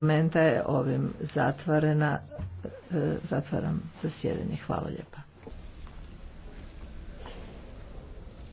parlamenta je ovim zatvorena, e, zatvaram zasjedanje. Hvala lijepa.